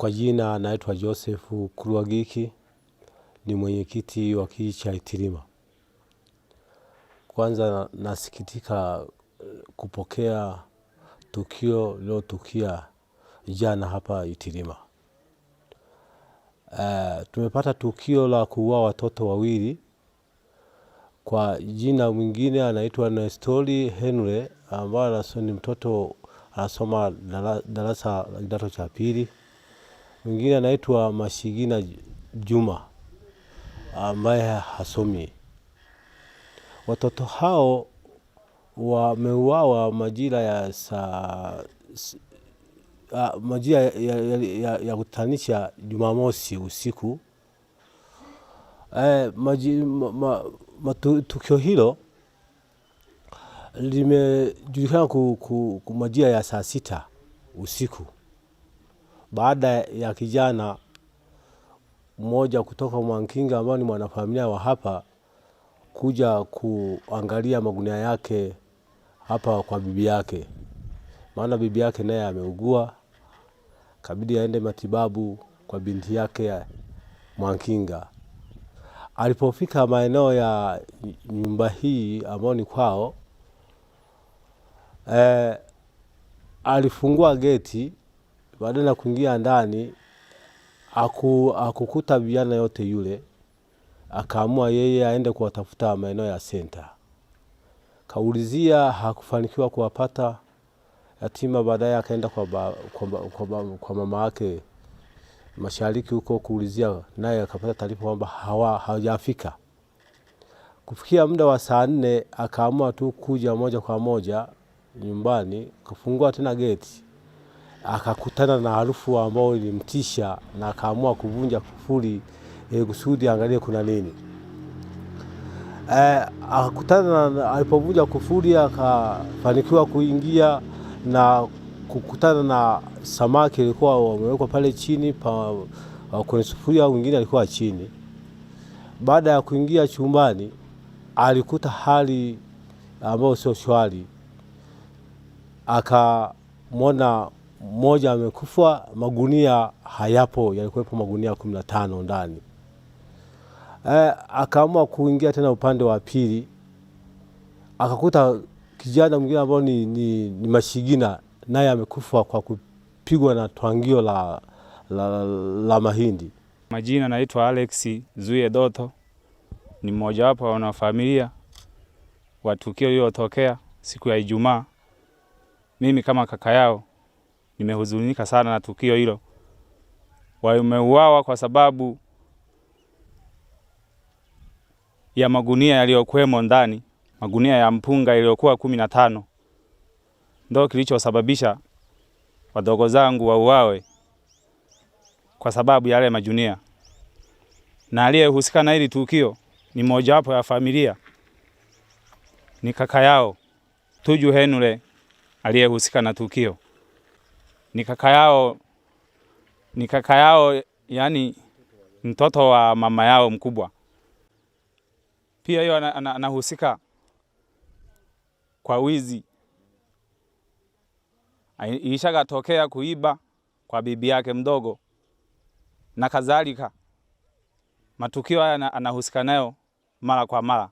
Kwa jina naitwa Josefu Kuruagiki, ni mwenyekiti wa kijiji cha Itilima. Kwanza nasikitika eh, kupokea tukio lilotukia jana hapa Itilima. Uh, tumepata tukio la kuua watoto wawili kwa jina mwingine anaitwa Nestori Henry ambaye ni mtoto anasoma darasa la kidato cha pili mwingine anaitwa Mashigina Juma ambaye hasomi. Watoto hao wameuawa majira ya saa majira ya, ya, ya, ya kutanisha Jumamosi usiku. E, maji, ma, ma, ma, tukio hilo limejulikana ku, ku, ku majira ya saa sita usiku baada ya kijana mmoja kutoka Mwankinga ambao ni mwanafamilia wa hapa kuja kuangalia magunia yake hapa kwa bibi yake, maana bibi yake naye ameugua, kabidi aende matibabu kwa binti yake Mwankinga. Alipofika maeneo ya nyumba hii ambayo ni kwao, eh, alifungua geti baada ya kuingia ndani akukuta vijana yote yule, akaamua yeye aende kuwatafuta maeneo ya senta. Kaulizia, hakufanikiwa kuwapata yatima. Baadaye akaenda kwa, ba, kwa, ba, kwa, ba, kwa mama yake mashariki huko kuulizia, naye akapata taarifa kwamba hawajafika. Kufikia muda wa saa nne, akaamua tu kuja moja kwa moja nyumbani, kufungua tena geti akakutana na harufu ambayo ilimtisha na akaamua kuvunja kufuli e, kusudi angalie kuna nini e, akakutana. Alipovunja kufuli akafanikiwa kuingia na kukutana na samaki alikuwa wamewekwa pale chini pa, kwenye sufuria, wengine alikuwa chini. Baada ya kuingia chumbani, alikuta hali ambayo sio shwari, akamwona mmoja amekufa, magunia hayapo, yalikuwepo magunia kumi na tano ndani. E, akaamua kuingia tena upande wa pili, akakuta kijana mwingine ambao ni, ni, ni Mashigina naye amekufa kwa kupigwa na twangio la, la, la, la mahindi. Majina naitwa Alex Zuye Doto, ni mmojawapo wa wanafamilia wa tukio lililotokea siku ya Ijumaa. Mimi kama kaka yao nimehuzunika sana na tukio hilo. Wameuawa kwa sababu ya magunia yaliyokuwemo ndani, magunia ya mpunga yaliyokuwa kumi na tano, ndio kilichosababisha wadogo zangu wauawe kwa sababu yale majunia, na aliyehusika na hili tukio ni mojawapo ya familia, ni kaka yao Tuju Henule aliyehusika na tukio ni kaka yao, ni kaka yao, yani mtoto wa mama yao mkubwa. Pia hiyo anahusika kwa wizi, ishakatokea kuiba kwa bibi yake mdogo na kadhalika. Matukio haya anahusika nayo mara kwa mara.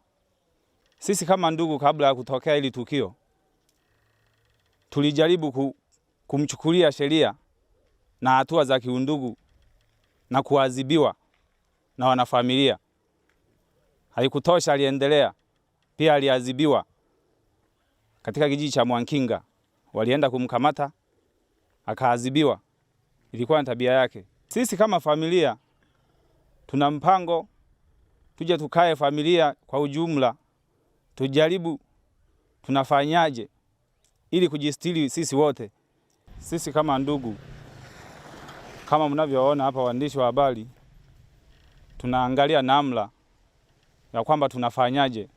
Sisi kama ndugu, kabla ya kutokea hili tukio, tulijaribu kumchukulia sheria na hatua za kiundugu na kuadhibiwa na wanafamilia. Haikutosha, aliendelea pia, aliadhibiwa katika kijiji cha Mwankinga, walienda kumkamata akaadhibiwa. Ilikuwa na tabia yake. Sisi kama familia tuna mpango, tuje tukae familia kwa ujumla, tujaribu tunafanyaje ili kujistiri sisi wote. Sisi kama ndugu, kama mnavyoona hapa, waandishi wa habari, tunaangalia namna ya kwamba tunafanyaje